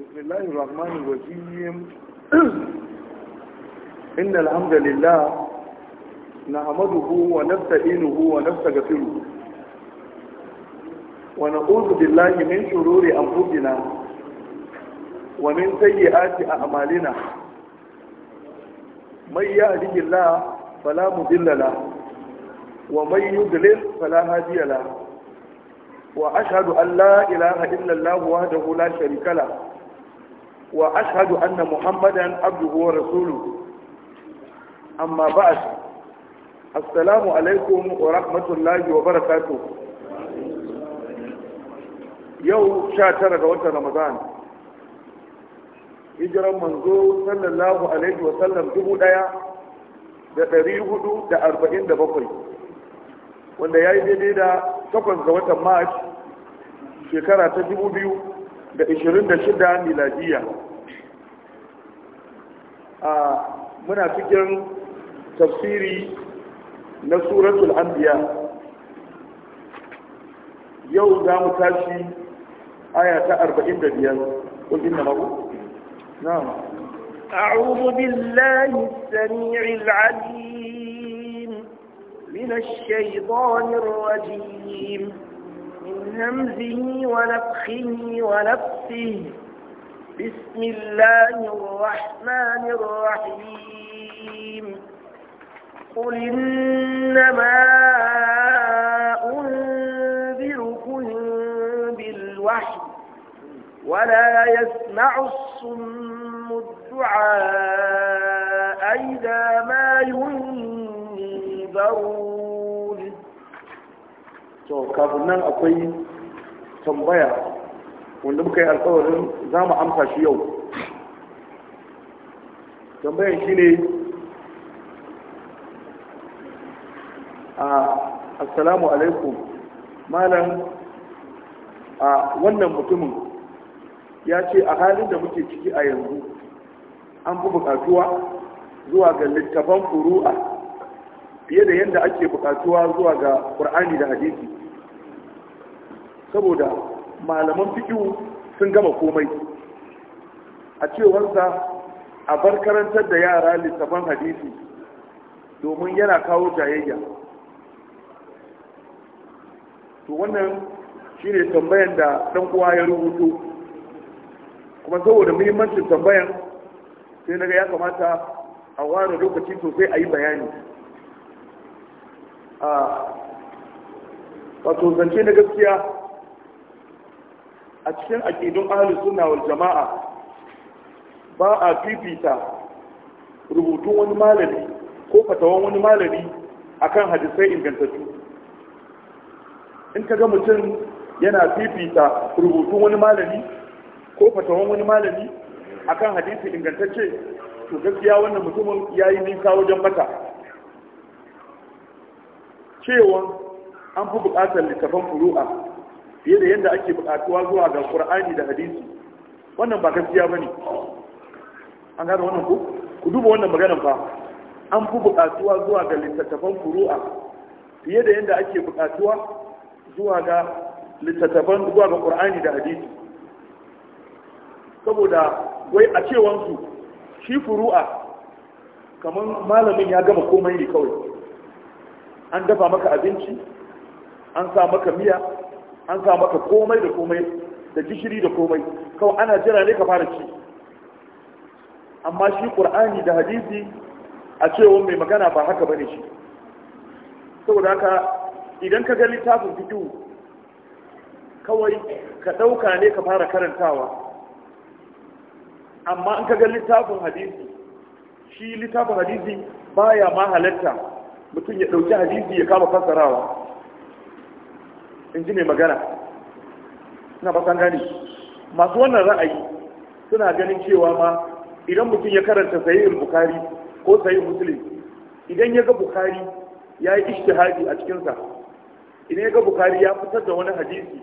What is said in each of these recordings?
بسم الرحمن الرحيم إن الحمد لله نعمده ونستعينه ونستغفره ونقوذ بالله من شرور أنفسنا ومن سيئات أعمالنا من يأذي الله فلا مضل له ومن يضلل فلا هادي له وأشهد أن لا إله إلا الله وحده لا شريك له وأشهد أن محمدا عبده ورسوله أما بعد السلام عليكم ورحمة الله وبركاته يوم شاتر قوات رمضان hijiran manzo sallallahu alaihi wasallam dubu daya da ɗari hudu da arba'in da bakwai wanda ya yi daidai da takwas ga watan march shekara ta dubu biyu da ishirin da shida miladiya a muna cikin tafsiri na suratul anbiya yau za mu tashi aya ta arba'in da biyar ƙulgin na mahu na'am أعوذ بالله السميع من الشيطان الرجيم من همزه ونفخه ونفسه بسم الله الرحمن الرحيم قل إنما أنذركم بالوحي ولا يسمع الصم الدعاء إذا ما ينذر zaruri to kafin nan akwai tambaya wanda muka yi alkawarin za mu amsa shi yau Tambayar shi ne a assalamu alaikum malam a wannan mutumin ya ce a halin da muke ciki a yanzu an fi bukatuwa zuwa ga littafan furu'a fiye da yadda ake bukatuwa zuwa ga ƙur'ani da hadisi saboda malaman fiƙiwu sun gama komai a cewarsa a bar karantar da yara littafan hadisi domin yana kawo jayayya to wannan shine tambayan da ɗan uwa ya rubuto kuma saboda muhimmancin tambayan sai naga ya kamata a ware lokaci sosai a yi bayani a wato zance na gaskiya a cikin aƙidun ahalin suna wal jama'a ba a fifita rubutun wani malami ko fatawan wani malami akan hadisai ingantattu in ka ga mutum yana fifita rubutun wani malami ko fatawan wani malami akan hadisai ingantacce to gaskiya wannan mutumin ya yi nisa wajen mata cewa an fi buƙatar littafan furu'a fiye da yadda ake buƙatuwa zuwa ga ƙur'ani da hadisi wannan ba gaskiya ba ne an gane wannan ku ku duba wannan maganar fa an fi buƙatuwa zuwa ga littattafan furu'a fiye da yadda ake buƙatuwa zuwa ga littattafan zuwa ga ƙur'ani da hadisi saboda wai a cewansu shi furu'a kamar malamin ya gama komai ne kawai an dafa maka abinci an sa maka miya an sa maka komai da komai da gishiri da komai kawai ana jira ne ka fara ci amma shi ƙur'ani da hadisi a cewa mai magana ba haka bane shi saboda haka idan ka ga littafin fito kawai ka ɗauka ne ka fara karantawa amma in ka ga littafin hadisi shi littafin hadisi baya ma halatta mutum ya ɗauki hadisi ya kama fassarawa in ji mai magana na basan gani masu wannan ra'ayi suna ganin cewa ma idan mutum ya karanta sayin bukari ko sayin musulun idan ya ga bukari ya yi ishtihadi a cikinsa idan ya ga bukari ya fitar da wani hadisi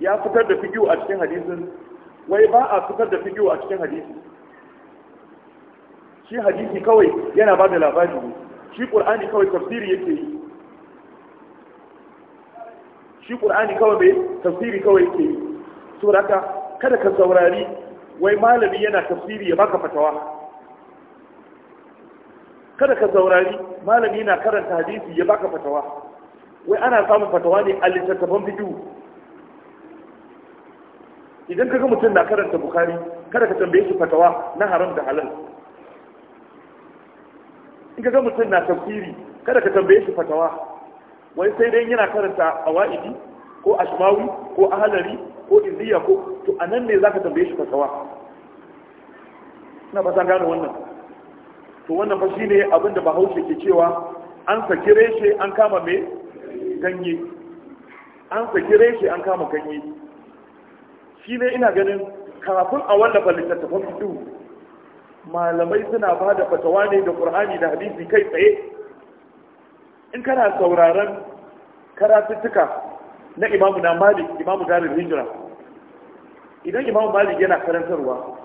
ya fitar da figiyo a cikin hadisin wai ba a fitar da figiyo a cikin hadisi shi hadisi kawai yana ba da labari ne shi ƙur'ani kawai tafsiri yake yi shi qur'ani kawai bai tafsiri kawai yake yi saboda haka kada ka saurari wai malami yana tafsiri ya baka fatawa kada ka saurari malami yana karanta hadisi ya baka fatawa wai ana samun fatawa ne a littattafan bidiyo idan ka ga mutum na karanta bukari kada ka tambaye shi fatawa na haram da halal Inga ga mutum na tafsiri kada ka tambaye shi fatawa wai sai dai yana karanta awaidi ko ashmawi ko halari, ko indiya ko to anan ne zaka tambaye shi fatawa ina ba san gane wannan to wannan fa shine abin da Bahaushe ke cewa an saki reshe an kama me ganye an saki reshe an kama ganye shine ina ganin kafin a wallafa littattafan fiqh malamai suna ba da fatawa ne da ƙur'ani da hadisi kai tsaye in kana sauraron karatuttuka na imamu na malik imamu galib hijira idan imamu malik yana karantarwa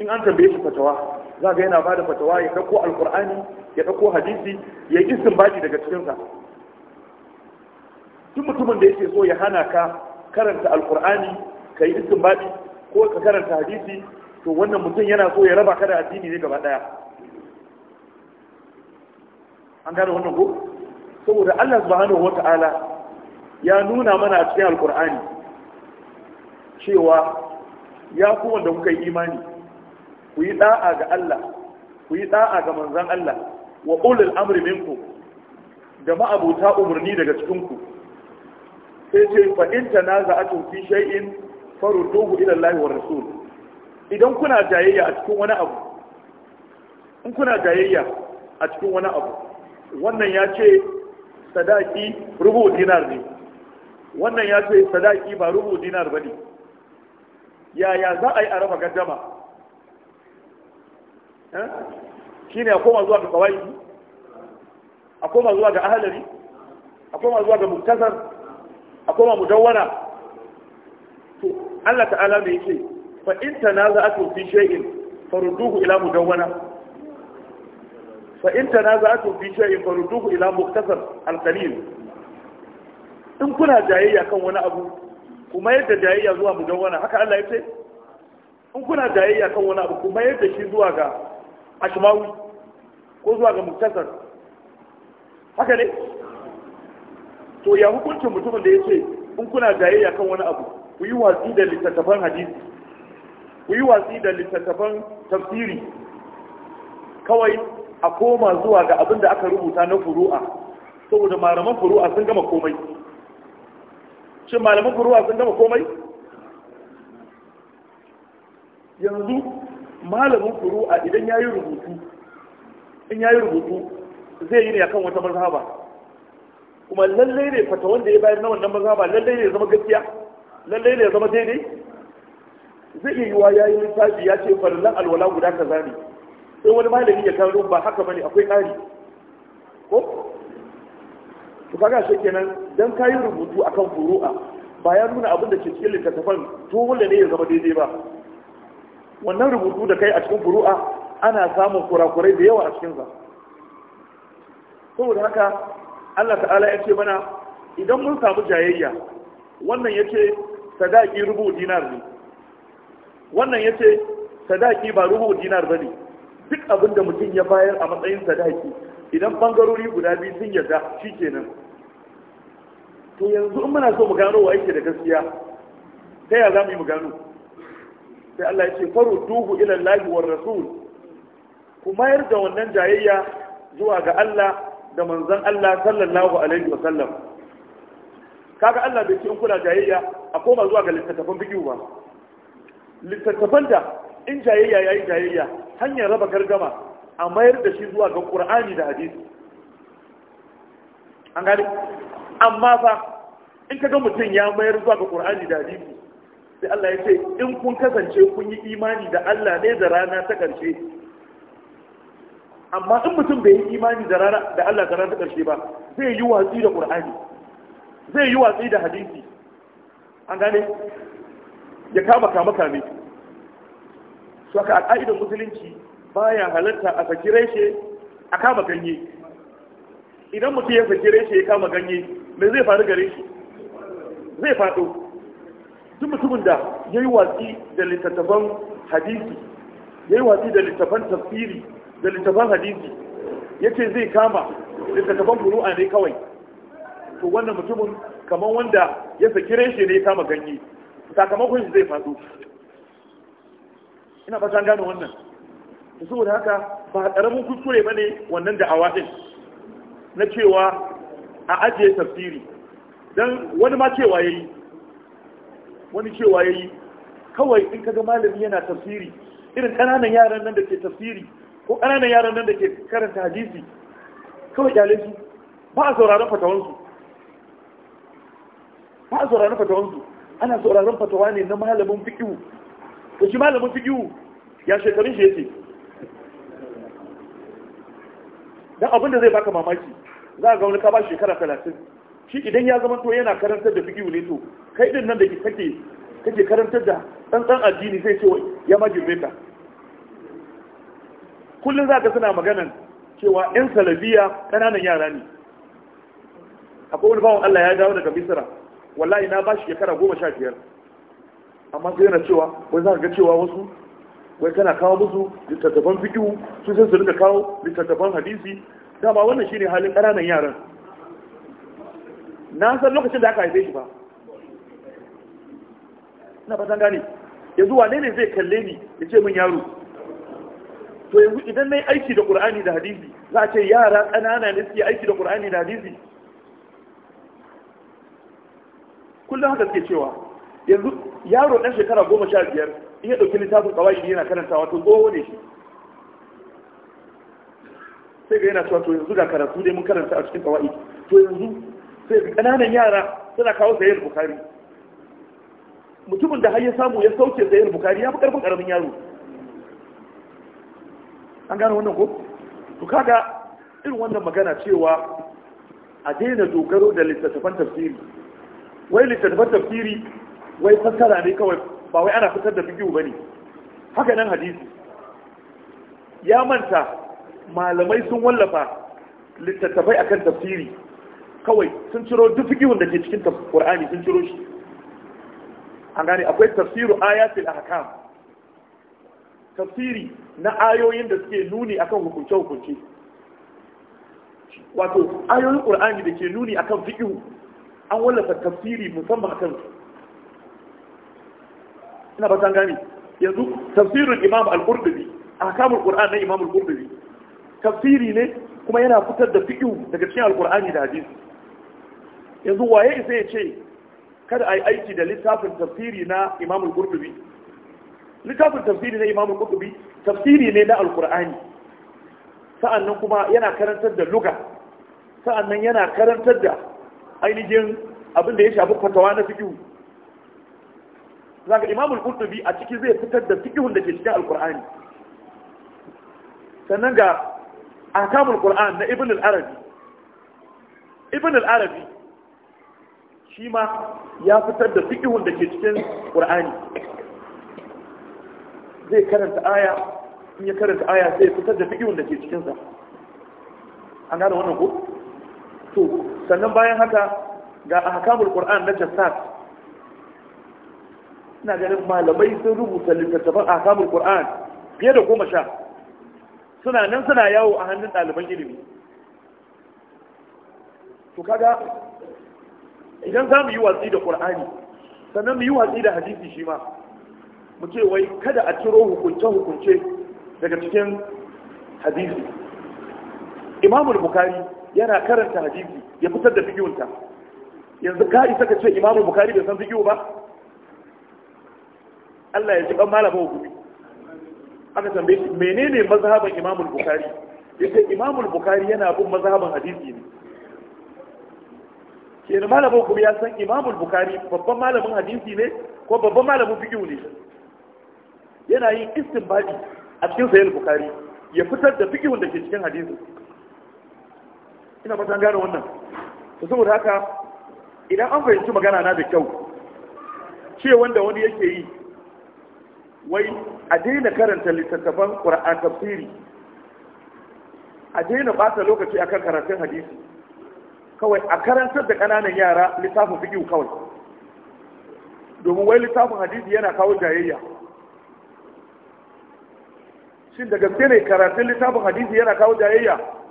in an tambaye shi fatawa za ga yana ba da fatawa ya ɗauko alƙur'ani ya ɗauko hadisi ya yi baki daga cikinsa Tun mutumin da yake so ya hana ka karanta alƙur'ani ka yi baki ko ka karanta hadisi to wannan mutum yana so ya raba ka da addini ne gaba daya an gane wannan ko saboda Allah subhanahu wata'ala ya nuna mana a cikin alkur'ani cewa ya ku wanda kuka yi imani ku yi da'a ga Allah ku yi da'a ga manzon Allah wa ulul amri minku da ma'abuta umarni daga cikin ku sai ce fa in tanaza'atu fi shay'in farudduhu ila Allah wa rasul idan kuna jayayya a cikin wani abu in kuna jayayya a cikin wani abu wannan ya ce sadaki rubu dinar ne wannan ya ce sadaki ba rubu dinar ba ne yaya za a yi a raba gajama eh? shi ne a koma zuwa ga kawai a koma zuwa ga ahalari a koma zuwa ga muktasar a koma mudawwana to Allah ta'ala mai ce fa in tanaza'atu fi shay'in farudduhu ila mudawwana fa in tanaza'atu fi shay'in farudduhu ila muktasar al-qalil in kuna jayayya kan wani abu kuma yadda jayayya zuwa mudawwana haka Allah ya ce in kuna jayayya kan wani abu kuma yadda shi zuwa ga ashmawi ko zuwa ga muktasar haka ne to ya hukuncin mutumin da ya ce in kuna jayayya kan wani abu ku yi watsi da littattafan hadisi ku yi watsi da littattafan tafsiri kawai a koma zuwa ga abin da aka rubuta na furu'a saboda malaman furu'a sun gama komai shin malaman furu'a sun gama komai yanzu malamin furu'a idan ya yi rubutu in ya yi rubutu zai yi ne akan wata mazhaba kuma lallai ne fata wanda ya bayar na wannan mazhaba lallai ne zama gaskiya lallai ne zama daidai zai yi wa ya yi ya ce farillan alwala guda kaza ne sai wani malami ya kawo ba haka bane akwai ƙari ko to kaga shi kenan dan kayi rubutu akan furu'a ba ya nuna abin da ke cikin littattafan wanda ne ya zama daidai ba wannan rubutu da kai a cikin furu'a ana samun kurakurai da yawa a cikin sa saboda haka Allah ta'ala ya ce mana idan mun samu jayayya wannan yace sadaki rubu dinar ne wannan ya ce sadaki ba ruhu dinar ba ne duk abin da mutum ya bayar a matsayin sadaki idan bangarori guda biyu sun yarda shi kenan to yanzu in muna so mu gano wa yake da gaskiya ta ya za mu yi mu gano sai Allah ya ce faru duhu ila lahi war rasul ku mayar da wannan jayayya zuwa ga Allah da manzon Allah sallallahu alaihi wa sallam kaga Allah bai ce in kuna jayayya a koma zuwa ga littattafan fiqh ba littattafan da in jayayya ya yi jayayya hanyar raba gargama a mayar da shi zuwa ga ƙur'ani da hadisi an gani amma fa in ka ga mutum ya mayar zuwa ga ƙur'ani da hadisi sai Allah ya ce in kun kasance kun yi imani da Allah ne da rana ta ƙarshe amma in mutum bai yi imani da rana da Allah da rana ta ƙarshe ba zai yi watsi da ƙur'ani. zai yi watsi da hadisi an gane ya kama kama kame su aka al'adar musulunci baya halarta a saki reshe a kama ganye idan mutum ya saki reshe ya kama ganye me zai faru gare shi zai faɗo duk mutumin da ya yi watsi da littattafan hadisi ya yi watsi da littattafan tafsiri da littattafan hadisi ya ce zai kama littattafan furu'a ne kawai to wannan mutumin kamar wanda ya saki reshe ne ya kama ganye sakamakon shi zai faɗo ina fata gane wannan da saboda haka ba ƙaramin kuskure ba ne wannan da awaɗin na cewa a ajiye tafsiri don wani ma cewa ya yi wani cewa ya yi kawai in kaga malami yana tafsiri irin ƙananan yaran nan da ke tafsiri ko ƙananan yaran nan da ke karanta hadisi kawai ƙyale su ba a sauraron fatawansu ba a sauraron fatawansu ana sauraron fatawa ne na malamin fikihu to shi malamin fikihu ya shekarun shi yake dan abin da zai baka mamaki za ga wani ka ba shekara talatin shi idan ya zama to yana karantar da fikihu ne to kai din nan da kake kake karantar da tsantsan addini zai ce ya ma girme ka kullum za ka suna maganan cewa 'yan salabiya ƙananan yara ne akwai wani bawan Allah ya dawo daga misira wallahi na bashi shekara goma sha biyar amma sai yana cewa wai za ga cewa wasu wai kana kawo musu littattafan fikihu su sai su rika kawo littattafan hadisi dama wannan shine halin ƙananan yaran na san lokacin da aka haife shi ba na fatan gane yanzu wane ne zai kalle ni ya ce min yaro to yanzu idan na yi aiki da ƙur'ani da hadisi za a ce yara ƙanana ne suke aiki da ƙur'ani da hadisi kullum haka suke cewa yanzu yaro ɗan shekara goma sha biyar in ya ɗauki littafin kawai yana karantawa wato goma ne shi sai ga yana cewa to yanzu ga karatu dai mun karanta a cikin kawai to yanzu sai ga ƙananan yara suna kawo sayar bukari mutumin da har ya samu ya sauke sayar bukari ya fi ƙarfin ƙaramin yaro an gano wannan ko to kaga irin wannan magana cewa a daina dogaro da littattafan tafsiri wai littattafan tafsiri wai fassara ne kawai ba wai ana fitar da fikihu bane haka nan hadisi ya manta malamai sun wallafa littattafai akan tafsiri kawai sun ciro duk fikihun da ke cikin Qur'ani sun ciro shi an gane akwai tafsiru ayatul ahkam tafsiri na ayoyin da suke nuni akan hukunce hukunce wato ayoyin Qur'ani da ke nuni akan fikihu an wallafa tafsiri musamman akan su ina ba gane yanzu tafsirin imam al-qurtubi ahkamul qur'an na imam al-qurtubi tafsiri ne kuma yana fitar da fiqh daga cikin al-qur'ani da hadisi yanzu waye isa ya ce kada a yi aiki da littafin tafsiri na imam al qurtubi littafin tafsiri na imam al qurtubi tafsiri ne na al alqur'ani sa'annan kuma yana karantar da luga sa'annan yana karantar da ainihin abin da ya shafi fatawa na fikihu zaka imamul qurtubi a ciki zai fitar da fikihun da ke cikin alqur'ani sannan ga ahkamul qur'an na ibn al-arabi ibn al-arabi shi ma ya fitar da fikihun da ke cikin qur'ani zai karanta aya in ya karanta aya zai fitar da fikihun da ke cikinsa an gane wannan ko to sannan bayan haka ga ahkamul qur'an na jassas ina ganin malamai sun rubuta littattafan ahkamul qur'an fiye da goma sha suna nan suna yawo a hannun ɗaliban ilimi to kaga idan za mu yi watsi da qur'ani sannan mu yi watsi da hadisi shi ma mu ce wai kada a ciro hukunce-hukunce daga cikin hadisi imamul bukari yana karanta hadisi ya fitar da fikihunta yanzu ka isa ka ce imamu bukari bai san fikihu ba Allah ya ji ban malama hukumi aka tambaye shi menene mazhaban imamu bukari yace imamu bukari yana bin mazhaban hadisi ne kenan malamin hukumi ya san imamu bukari babban malamin hadisi ne ko babban malamin fikihu ne yana yin istinbadi a cikin sahih bukari ya fitar da fikihun da ke cikin hadisi. ina fata gane wannan to saboda haka idan an fahimci magana na da kyau ce wanda wani yake yi wai a daina karanta littattafan qur'an tafsiri a daina ɓata lokaci akan karatun hadisi kawai a karantar da ƙananan yara littafin fiqh kawai domin wai littafin hadisi yana kawo jayayya shin da gaske ne karatun littafin hadisi yana kawo jayayya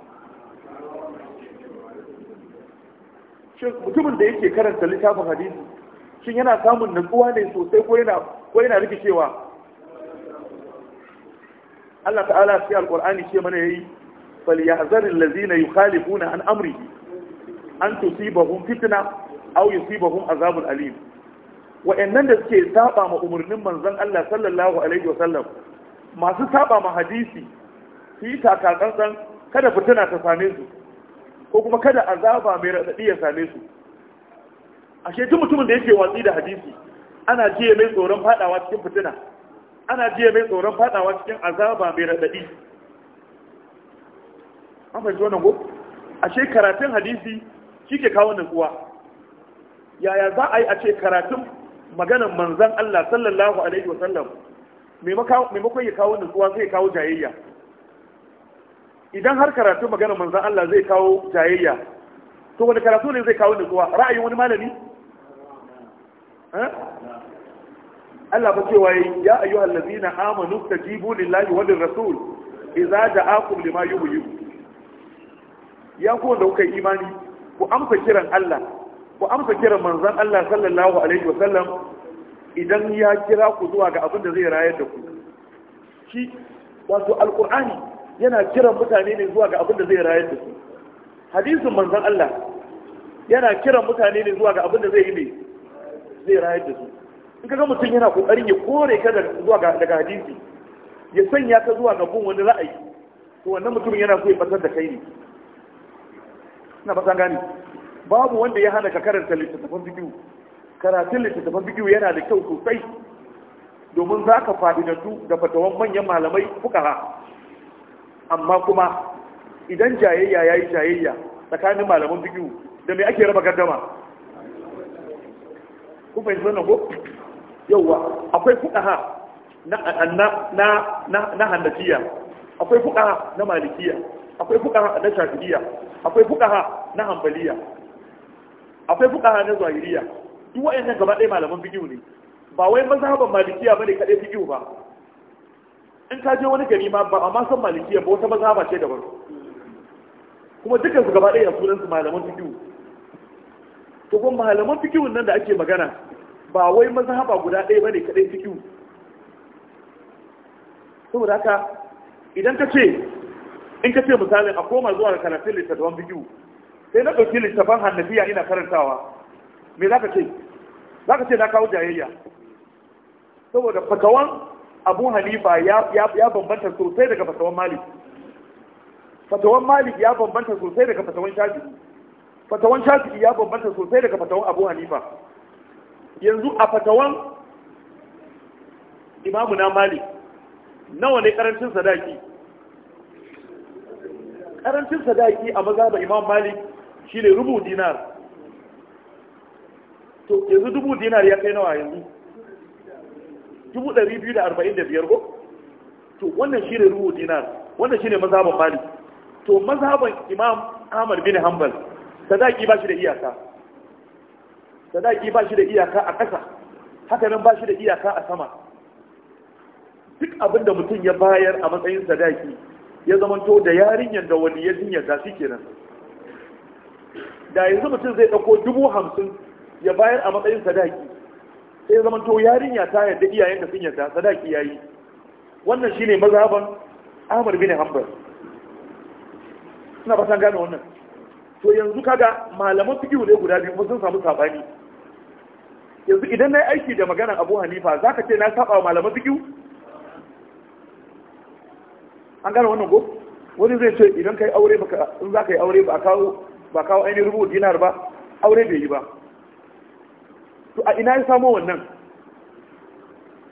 shin mutumin da yake karanta littafin hadisi shin yana samun nutsuwa ne sosai ko yana ko yana rikicewa Allah ta'ala sai alqur'ani ce mana yayi falyahzar allazina yukhalifuna an amrihi an tusibahum fitna aw yusibahum azabun alim wa'annan da suke saba ma umarnin manzon Allah sallallahu alaihi wasallam masu saba ma hadisi su yi kada fitina ta same su ko kuma kada azaba mai raɗaɗi ya same su ashe tun mutumin da yake watsi da hadisi ana jiye mai tsoron fadawa cikin fitina ana jiye mai tsoron fadawa cikin azaba mai raɗaɗi an fahimci wannan ko ashe karatun hadisi shi ke kawo nutsuwa yaya za a yi a ce karatun maganan manzan Allah sallallahu alaihi wasallam maimakon ya kawo nutsuwa sai ya kawo jayayya idan har karatu maganar manzan Allah zai kawo jayayya to wani karatu ne zai kawo nutsuwa ra'ayin wani malami eh? Allah ba cewa ya ayu allazina amanu tajibu lillahi wa lirrasul idza da'akum lima yuhyikum ya ku wanda kuka imani ku amsa kiran Allah ku amsa kiran manzan Allah sallallahu alaihi wa sallam idan ya kira ku zuwa ga abin da zai rayar da ku shi wato alqur'ani yana kiran mutane ne zuwa ga abin da zai rayar da su hadisin manzon Allah yana kiran mutane ne zuwa ga abin da zai yi ne zai rayar da su in kaga mutum yana kokarin ya kore ka zuwa ga daga hadisi ya sanya ka zuwa ga bin wani ra'ayi to wannan mutumin yana so ya fasar da kai ne ina san gani babu wanda ya hana ka karanta littattafan bidiyo karatun littattafan bidiyo yana da kyau sosai domin za ka su da fatawan manyan malamai fukaha amma kuma idan jayayya ya yi jayayya tsakanin malaman biyu da mai ake raba gardama kuma yi wannan ko yauwa akwai fukaha na hannafiya akwai fukaha na malikiya akwai fukaha na shafiya akwai fukaha na hambaliya, akwai fukaha na zahiriya duk wa'annan gaba ɗaya malaman fikiyu ne ba wai mazhaban malikiya bane kaɗai fikiyu ba in ka je wani gari ma ba a ma san malikiya ba wata maza ba ce daban kuma dukkan su gaba ɗaya sunan su malaman fikihu to kuma malaman fikihun nan da ake magana ba wai mazhaba guda ɗaya bane kadai fikihu saboda haka idan ka ce in ka ce misalin a koma zuwa ga karatun littattafan fikihu sai na ɗauki littattafan hannafiya ina karantawa me za ka ce za ka ce na kawo jayayya saboda fakawan abu halifa ya bambanta sosai daga fatawan malik fatawan malik ya bambanta sosai daga fatawan shafi fatawan shafi ya bambanta sosai daga fatawan abu halifa yanzu a fatawan imamu na malik nawa ne karancin sadaki karancin sadaki a mazaba imam malik shi ne rubu dinar to yanzu dubu dinar ya kai nawa yanzu dubu ɗari biyu da arba'in da biyar ko to wannan shi ne ruhu dinar wannan shi ne mazhaban mali to mazhaban imam ahmad bin hanbal sadaki ba shi da iyaka sadaki ba shi da iyaka a ƙasa haka nan ba shi da iyaka a sama duk abin da mutum ya bayar a matsayin sadaki ya zamanto da yarinyar da wani ya jinya jinyarta shi kenan da yanzu mutum zai ɗauko dubu hamsin ya bayar a matsayin sadaki sai zaman to yarinya ta yadda iyayen da sun yadda sadaki yayi wannan shine mazhaban Ahmad bin Hanbal ina fatan gane wannan to yanzu kaga malaman fiqh ne guda biyu sun samu sabani yanzu idan na yi aiki da maganar abu hanifa za ka ce na saba wa malaman fikiyu an gane wannan ko wani zai ce idan ka yi aure in za ka yi aure ba kawo ainihin rubu dinar ba aure bai yi ba to a ina ya samo wannan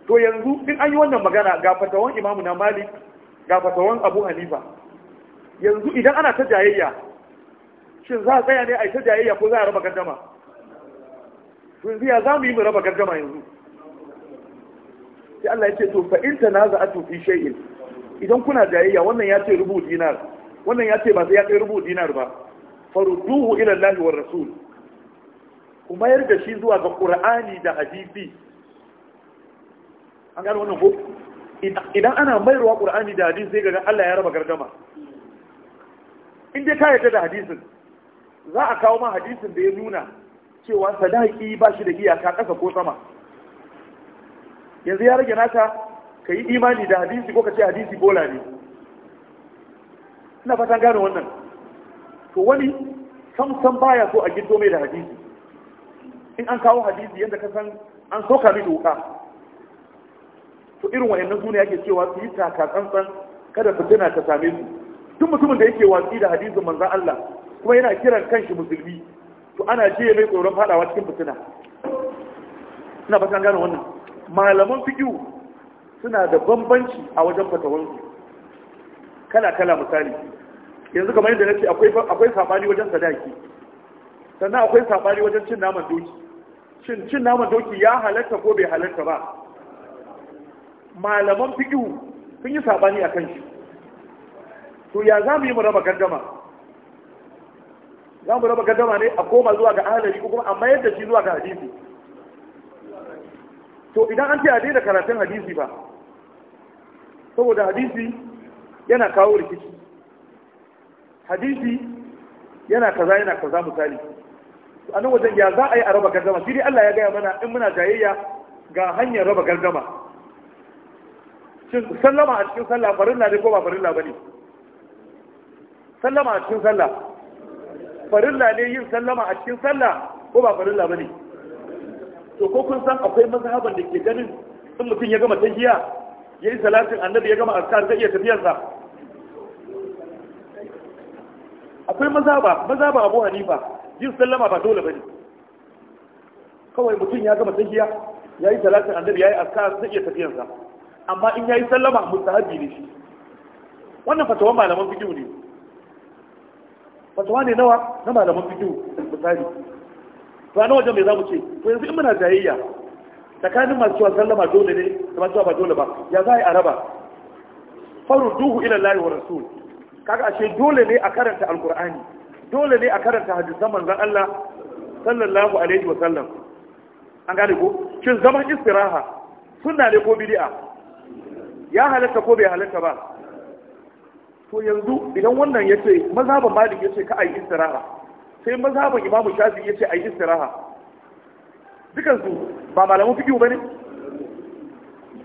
to yanzu in an yi wannan magana ga fatawan imamu na malik ga fatawan abu hanifa yanzu idan ana ta jayayya shin za a tsaya ne a yi ta jayayya ko za a raba gaddama yanzu ya za mu yi mu raba gandama yanzu sai Allah ya ce to fa in a tufi shay'in idan kuna jayayya wannan ya ce rubu dinar wannan ya ce ba sai ya kai rubu dinar ba farudduhu ila Allah war rasul ku mayar da shi zuwa ga ƙur'ani da hadisi an gano wannan ko idan ana mayarwa ƙur'ani da hadisi sai gaga Allah ya raba gargama in dai ka yarda da hadisin za a kawo ma hadisin da ya nuna cewa sadaki ba shi da iyaka ƙasa ko sama yanzu ya rage naka ka yi imani da hadisi ko ka ce hadisi bola ne ina fatan gano wannan to wani samsan baya so a gindo mai da hadisi in an kawo hadisi yadda ka san an soka mi doka to irin wayannan su ne ake cewa su yi taka tsantsan kada fitina ta same su duk mutumin da yake watsi da hadisin manzon Allah kuma yana kiran kanshi musulmi to ana je mai tsoron fadawa cikin fitina ina fatan gane wannan malaman fiqh suna da bambanci a wajen fatawansu kala kala misali yanzu kamar yadda nace akwai akwai sabani wajen sadaki sannan akwai sabani wajen cin naman doki shin cin naman doki ya halatta ko bai halatta ba malaman fiƙihu sun yi sabani a kan shi to ya za mu yi mu raba gardama za mu raba gaddama ne a koma zuwa ga ahalari ko kuma amma yadda shi zuwa ga hadisi to idan an ce a daina karatun hadisi ba saboda hadisi yana kawo rikici hadisi yana kaza yana kaza misali a nan wajen ya za a yi a raba gardama shi Allah ya gaya mana in muna jayayya ga hanyar raba gardama shin sallama a cikin sallah farilla ne ko ba farilla ba ne sallama a cikin sallah farilla ne yin sallama a cikin sallah ko ba farilla ba ne to ko kun san akwai mazhaban da ke ganin in mutum ya gama tahiyya ya yi salatin annabi ya gama azkar zai iya tafiyarsa akwai mazhaba mazhaba abu hanifa yin sallama ba dole bane kawai mutum ya gama tahiya yayi salatin annabi yayi azkar zai iya tafiyansa amma in yayi sallama mustahabi ne shi wannan fatawan malaman fiqh ne fatawa ne nawa na malaman fiqh misali to a wajen mai zamu ce to yanzu in muna jayayya tsakanin masu cewa sallama dole ne da masu cewa ba dole ba ya za a yi araba faru duhu ila lahi wa rasul kaga ashe dole ne a karanta alkur'ani dole ne a karanta hadisan manzon Allah sallallahu alaihi wa sallam an gane ko shin zaman istiraha sunna ne ko bid'a ya halatta ko bai halatta ba to yanzu idan wannan yace mazhaban malik yace ka ayi istiraha sai mazhaban imamu shafi yace ayi istiraha dukan su ba malamu fiqhu bane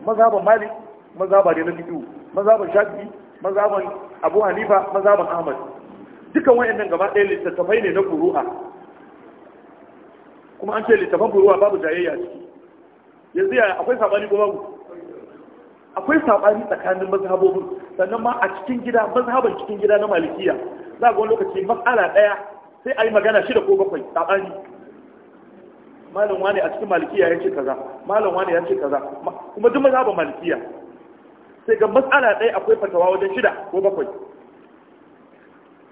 mazhaban malik mazhaban ne na fiqhu mazhaban shafi mazhaban abu hanifa mazhaban ahmad dukan wayannan gaba ɗaya littattafai ne na furu'a kuma an ce littattafan furu'a babu jayayya ciki yanzu yaya akwai sabani ko babu akwai sabani tsakanin mazhabobin sannan ma a cikin gida mazhaban cikin gida na malikiya za ga wani lokaci matsala ɗaya sai a yi magana shida ko bakwai sabani malam wani a cikin malikiya ya ce kaza malam wani ya ce kaza kuma duk mazhaban malikiya sai ga matsala ɗaya akwai fatawa wajen shida ko bakwai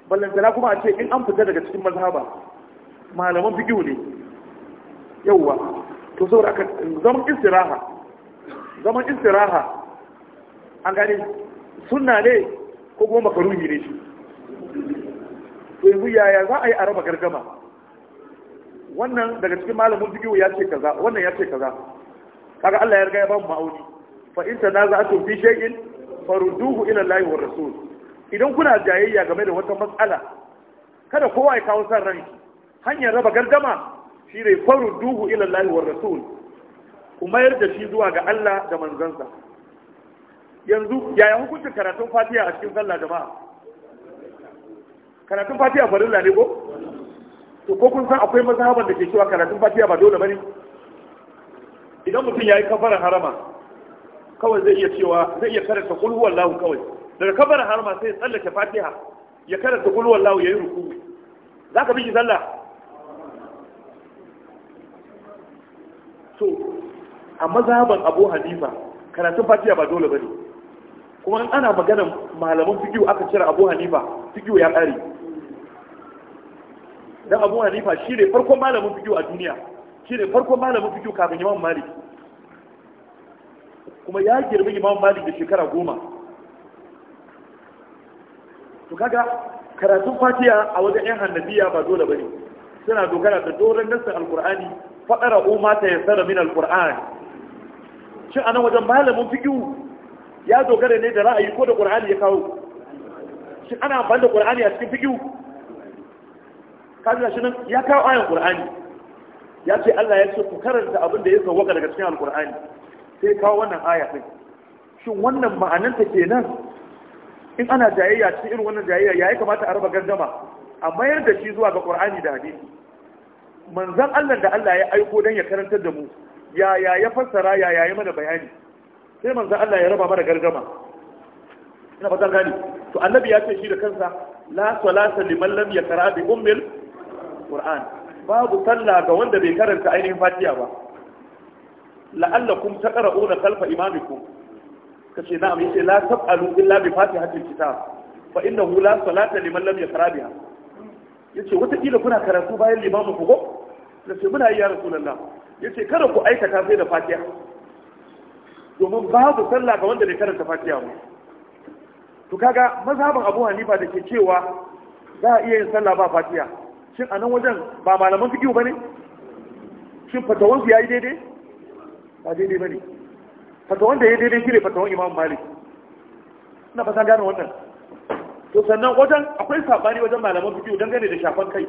ballantana kuma a ce in an fita daga cikin mazhaba malaman fikiyu ne yauwa to saboda aka zaman istiraha zaman istiraha an gani sunna ne ko kuma makaruhi ne shi to yanzu yaya za a yi a raba gargama wannan daga cikin malamin fikiyu ya ce kaza wannan ya ce kaza kaga Allah ya riga ya ba mu ma'auni fa in tanaza'tum fi shay'in farudduhu ila Allahi wa rasul idan kuna jayayya game da wata matsala kada kowa ya kawo san ranki hanyar raba gardama shi ne faru duhu ila Allah wa rasul ku mayar da shi zuwa ga Allah da manzansa yanzu yaya hukuncin karatun fatiha a cikin sallah jama'a karatun fatiha farilla ne ko to ko kun san akwai mazhaban da ke cewa karatun fatiha ba dole bane idan mutum yayi kafara harama kawai zai iya cewa zai iya karanta kulhu wallahu kawai daga kabar harma sai ya tsallake fatiha ya karanta kul wallahu yayi ruku zaka biki sallah so a mazhaban Abu Hanifa karatun fatiha ba dole bane kuma in ana maganar malaman fiqh aka cire Abu Hanifa fiqh ya kare dan Abu Hanifa shi ne farkon malamin fiqh a duniya shi ne farkon malamin fiqh kafin Imam Malik kuma ya girbi Imam Malik da shekara goma to kaga karatun fatiha a wajen yan hannabiya ba dole bane suna dogara da doron nasar alkur'ani fadara umma ta yassara min alqur'ani shin anan wajen malamin fiqhu ya dogara ne da ra'ayi ko da qur'ani ya kawo shin ana amfani da qur'ani a cikin fiqhu kaga shi nan ya kawo ayan qur'ani ya ce Allah ya ce ku karanta abin da ya sauwaka daga cikin alkur'ani sai kawo wannan aya din shin wannan ma'ananta kenan in ana jayayya cikin irin wannan jayayya ya yi kamata a raba gardama a mayar da shi zuwa ga qur'ani da hadisi manzon Allah da Allah ya aiko don ya karantar da mu yaya ya fassara yaya ya mana bayani sai manzon Allah ya raba mana gardama ina fatan gani to annabi ya ce shi da kansa la salata liman lam yaqra bi ummil qur'an babu sallah ga wanda bai karanta ainihin fatiha ba la'allakum taqra'una khalfa imamikum kace na'am yace la taf'alu illa bi fatihatil kitab fa innahu la salata liman lam yaqra biha yace wata kila kuna karatu bayan limamu ku go yace muna yi ya rasulullah yace kada ku aikata sai da fatiha domin babu sallah ga wanda bai karanta fatiha ba to kaga mazhabin Abu Hanifa da ke cewa za a iya yin sallah ba fatiha shin anan wajen ba malaman fiqh bane shin fatawansu yayi daidai ba daidai bane fata da ya daidai shi ne wani imam malik na fasa gane wannan to sannan wajen akwai sabani wajen malaman fiƙi don gane da shafan kai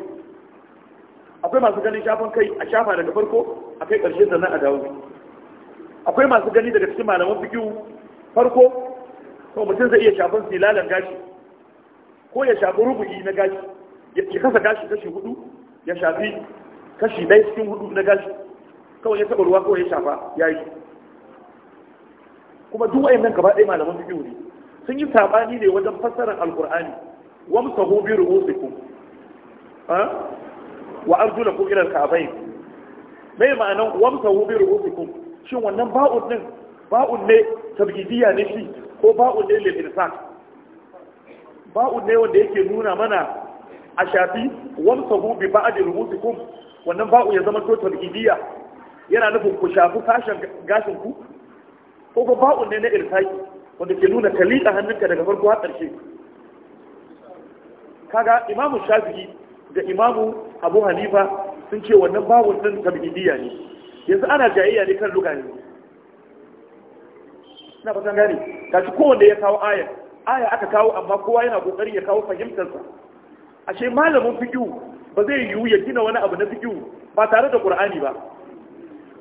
akwai masu gani shafan kai a shafa daga farko a kai ƙarshe sannan a dawo akwai masu gani daga cikin malaman fiƙi farko to mutum zai iya shafan silalan gashi ko ya shafi rubu'i na gashi ya kasa gashi kashi hudu ya shafi kashi ɗaya cikin hudu na gashi kawai ya taɓa ruwa kawai ya shafa ya yi kuma duk wayannan gaba ɗaya malaman fiqh ne sun yi sabani ne wajen fassarar alqur'ani wamsahu bi ru'usikum ha wa lakum ila alka'bayn mai ma'anan wamsahu bi ru'usikum shin wannan ba'un din ba'un ne tabjidiyya ne shi ko ba'un ne lil insan ba'un ne wanda yake nuna mana a shafi wamsahu bi ba'd ru'usikum wannan ba'u ya zama to tabjidiyya yana nufin ku shafi gashin ku ko ba ba'un ne na irfaki wanda ke nuna ka a hannunka daga farko har ƙarshe kaga imamu Shafi da imamu abu hanifa sun ce wannan ba'un din tabi'idiyya ne yanzu ana jayayya ne kan luga ne na fatan gane kashi kowanne ya kawo aya aya aka kawo amma kowa yana kokari ya kawo fahimtarsa ashe malamin fikiyu ba zai yiwu ya gina wani abu na fikiyu ba tare da ƙur'ani ba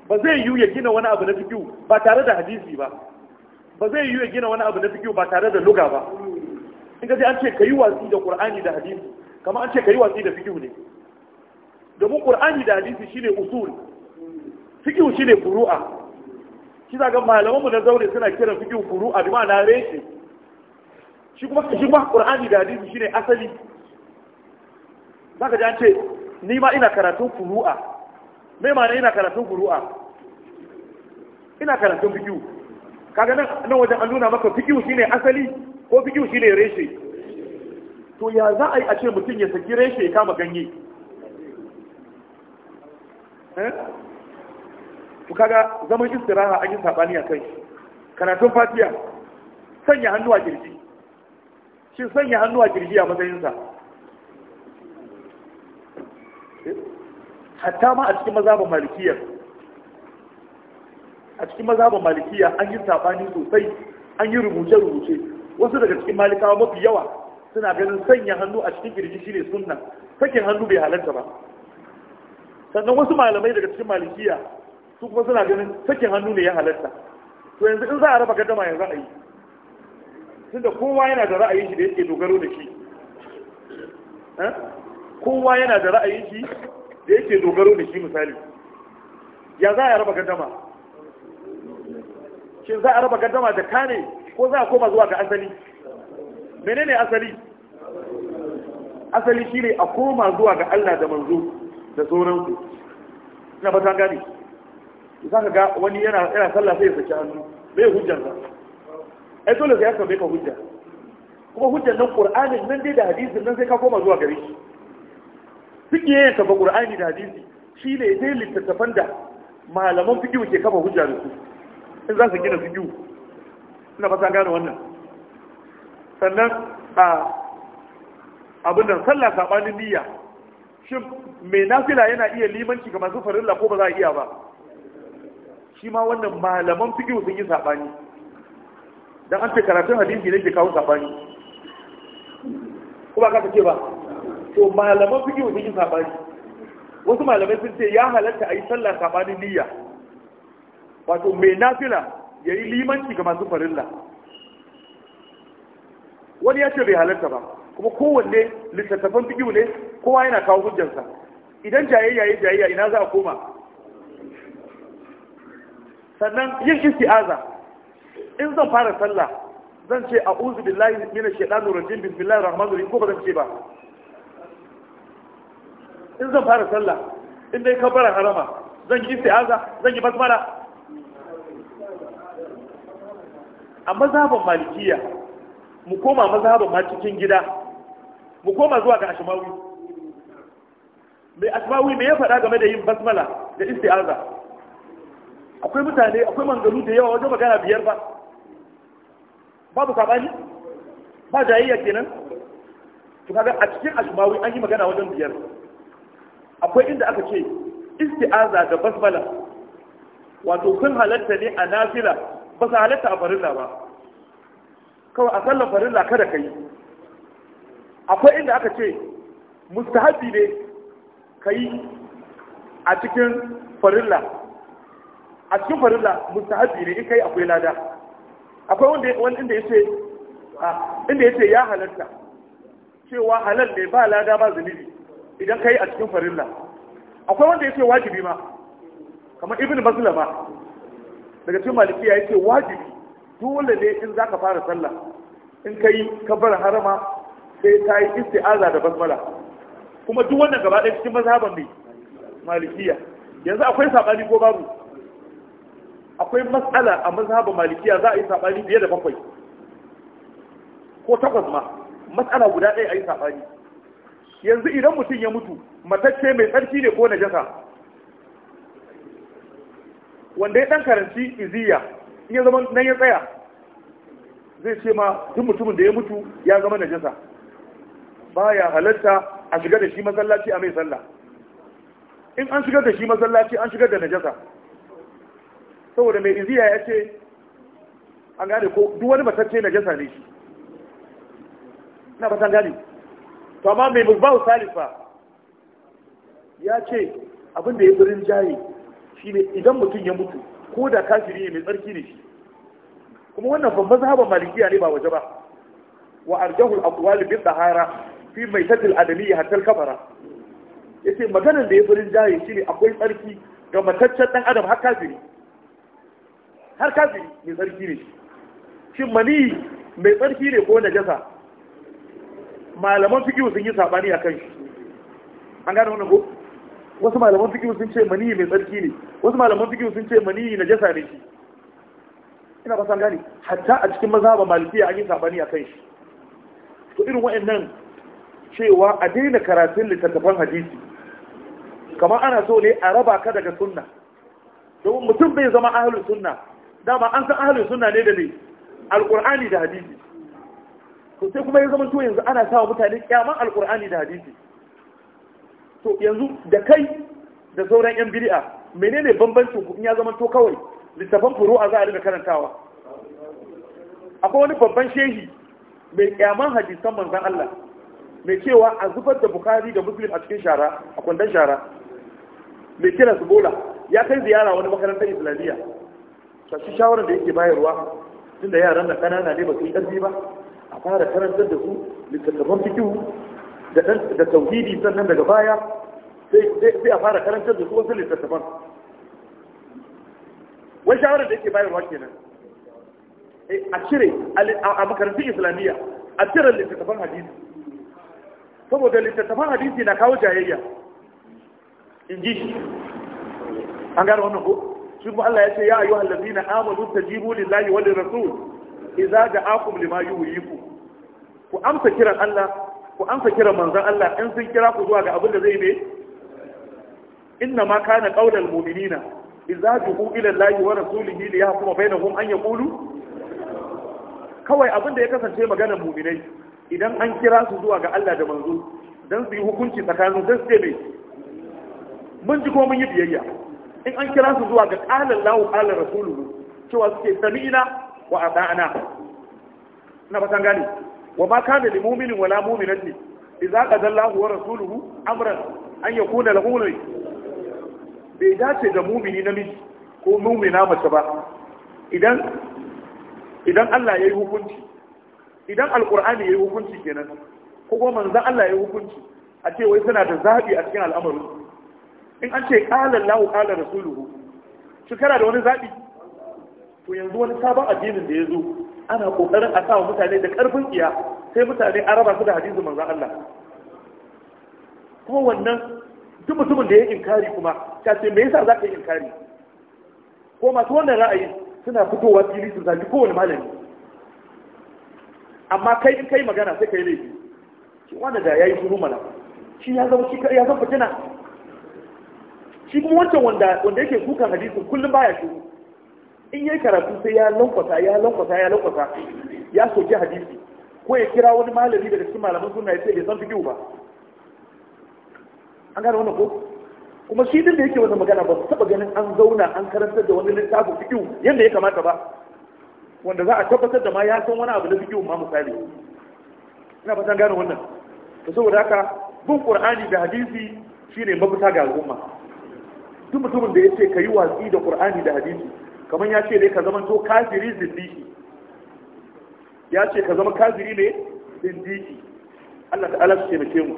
ba zai yiwu ya gina wani abu na fikiyu ba tare da hadisi ba ba zai yiwu ya gina wani abu na fikiyu ba tare da luga ba in ka an ce ka yi watsi da ƙur'ani da hadisi kamar an ce ka yi watsi da fikiyu ne domin ƙur'ani da hadisi shine usul fikiyu shine furu'a shi zaga malaman mu na zaure suna kiran fikiyu furu'a bi ma'ana reshe shi kuma shi kuma ƙur'ani da hadisi shine asali zaka ji an ce ni ma ina karatun furu'a mai ma ina karatun furu'a ina karatun fikiyu kaga nan wajen an nuna maka fikiyu shine asali ko fikiyu shine reshe to ya za a yi a ce mutum ya saki reshe ya kama ganye eh? to kaga zaman istiraha an yi sabani a kai karatun fatiya sanya hannu a kirji shin sanya hannu a kirji a matsayinsa eh? hatta ma a cikin mazhabin malikiya a cikin mazhabin malikiya an yi sabani sosai an yi rubuce-rubuce wasu daga cikin malikawa mafi yawa suna ganin sanya hannu a cikin kirji shine sunna sakin hannu bai halarta ba sannan wasu malamai daga cikin malikiya su kuma suna ganin sakin hannu ne ya halarta to yanzu in za a raba gaddama yanzu ra'ayi tunda kowa yana da ra'ayin shi da yake dogaro da shi eh? kowa yana da ra'ayin shi da yake dogaro da shi misali ya za a raba gaddama shin za a raba gaddama da kane ko za a koma zuwa ga asali menene asali asali shi ne a koma zuwa ga Allah da manzo da sauransu ina ba ta gani za ka ga wani yana yana sallah sai ya saki hannu bai hujjar sa ai dole sai ya san bai ka hujja kuma hujjar nan qur'anin nan dai da hadisin nan sai ka koma zuwa gare shi fiƙe ya kafa ƙur'ani da hadisi shi ne dai littattafan da malaman fiƙe ke kafa hujja da su in za su gina fiƙe na fasa gane wannan sannan a abin da sallah saɓanin niyya shin mai nafila yana iya limanci ga masu farilla ko ba za a iya ba shi ma wannan malaman fiƙe sun yi saɓani don an ce karatun hadisi ne ke kawo saɓani ko ba ka ce ba to malaman fiƙi wa fiƙi sabani wasu malamai sun ce ya halatta a yi sallah saɓanin niyya wato mai nafila ya yi limanci ga masu farilla wani ya ce bai halatta ba kuma kowanne littattafan fiƙi ne kowa yana kawo hujjarsa idan jayayya ya jayayya ina za a koma sannan yin aza. in zan fara sallah zan ce uzu billahi mina shaitanir rajin bismillahir rahmanu rahim ko ba zan ce ba in zan fara sallah in dai fara harama zan yi istiaza zan yi basmala a mazhabin malikiya mu koma mazhabin ma cikin gida mu koma zuwa ga ashmawi mai ashmawi me ya faɗa game da yin basmala da istiaza akwai mutane akwai mangalu da yawa wajen magana biyar ba babu sabani ba jayayya kenan to a cikin ashmawi an yi magana wajen biyar akwai inda aka ce isti'aza da basmala wato sun halatta ne a nafila ba su halatta a farilla ba kawai a sallan farilla kada ka yi akwai inda aka ce mustahabi ne ka yi a cikin farilla a cikin farilla mustahabi ne in ka yi akwai lada akwai wanda inda yace ah, inda ya ce ya halatta cewa halal ne ba lada ba zunubi idan ka yi a cikin farilla akwai wanda yake wajibi ma kamar ibn maslama daga cikin malikiya yake wajibi dole ne in zaka fara sallah in kai ka bar harama sai ka yi isti'aza da basmala kuma duk wannan gaba ɗaya cikin mazhaban ne malikiya yanzu akwai sabani ko babu akwai matsala a mazhaban malikiya za a yi sabani biyar da bakwai ko takwas ma matsala guda ɗaya a yi sabani yanzu idan mutum ya mutu matacce mai tsarki ne ko jasa, wanda ya dan karanci iziya in ya zama nan ya tsaya zai ce ma duk mutumin da ya mutu ya zama na ba baya halatta a shiga da shi masallaci a mai sallah in an shigar da shi masallaci an shigar da na jasa, saboda mai iziya ya ce an gane ko duk wani matacce jasa ne shi na fatan gane to amma mai musbahu salifa ya ce abin da ya birin jaye ne idan mutum ya mutu ko da kafiri ne mai tsarki ne shi kuma wannan babban zahaban malikiya ne ba waje ba wa arjahul abuwali bin tahara fi adami ya hatta kafara. Ya ce maganar da ya birin jaye ne akwai tsarki ga mataccen ɗan adam har kafiri har kafiri mai tsarki ne shin mani mai tsarki ne ko najasa malaman fikiyu sun yi sabani a kanshi, an gane wannan ko wasu malaman fikiyu sun ce maniyi mai tsarki ne wasu malaman fikiyu sun ce maniyi na jasa ne shi ina ba gane hatta a cikin mazhaban malikiya an yi sabani a kanshi. shi to irin wa'annan cewa a daina karatun littattafan hadisi kamar ana so ne a raba ka daga sunna domin mutum bai zama ahlus sunna dama an san ahlus sunna ne da ne alqur'ani da hadisi to sai kuma ya zama to yanzu ana sawa mutane kyaman alkur'ani da hadisi to yanzu da kai da sauran yan bid'a menene bambancin ku in ya zama to kawai littafan furu'a za a rika karantawa akwai wani babban shehi mai kyaman hadisan manzan Allah mai cewa a zubar da bukari da muslim a cikin shara a kwandon shara mai kira su bola ya kai ziyara wani makarantar islamiyya shashi shi shawarar da yake bayarwa tun da yaran da kanana ne ba su yi ƙarfi ba a fara karantar da su littattafan fikihu da tauhidi sannan daga baya sai a fara karantar da su wasu littattafan wani shawarar da yake bayarwa kenan eh, a cire a makarantun islamiyya a cire littattafan hadisi saboda littattafan hadisi na kawo jayayya in ji shi an gara wannan ko shi kuma Allah ya ce ya ayyuhal ladina amanu tajibu lillahi wal rasul da akum lima yuhyikum ku amsa kiran Allah ku amsa kiran manzon Allah in sun kira ku zuwa ga abin da zai ne inna ma kana qaulal mu'minina iza du'u ila Allah wa rasulihi li yahkuma bainahum an yaqulu kawai abin da ya kasance maganar mu'minai idan an kira su zuwa ga Allah da manzo dan su yi hukunci tsakanin dan su ne mun ji ko mun yi biyayya in an kira su zuwa ga qala Allahu qala rasuluhu cewa suke ina. wa ata'ana ina fatan gani wa ma kana lil mu'minin wala Ni idza qada Allahu wa rasuluhu amran an yakuna lahu bai dace da mumini namiji ko mumina mace ba idan idan Allah yayi hukunci idan alqur'ani yayi hukunci kenan ko kuma manzon Allah yayi hukunci a ce wai suna da zabi a cikin al'amarin in an ce qala Allahu qala rasuluhu shi kana da wani zabi ko yanzu wani sabon addinin da ya zo ana kokarin a sawa mutane da karfin iya sai mutane an raba su da hadisin manzo Allah kuma wannan duk mutumin da ya inkari kuma ta ce me yasa zaka ka inkari ko masu wannan ra'ayi suna fitowa fili su zaki kowane malami amma kai in kai magana sai kai laifi shi wanda da yayi shiru mana shi ya zama shi ya zama fitina shi kuma wancan wanda wanda yake kukan hadisin kullum baya shiru in yi karatu sai ya lankwasa ya lankwasa ya lankwata ya soki hadisi ko ya kira wani malami daga cikin malaman suna ya ce bai san fiqh ba an gane wannan ko kuma shi din da yake wannan magana ba su taba ganin an zauna an karantar da wani littafin fiqh yadda ya kamata ba wanda za a tabbatar da ma ya san wani abu na fiqh ma misali ina an gane wannan to saboda haka bin qur'ani da hadisi shine mafita ga al'umma duk mutumin da yace kayi watsi da qur'ani da hadisi kamar ya ce ne ka zama to kafiri zindiki ya ce ka zama kafiri ne zindiki Allah ta ala su taimake mu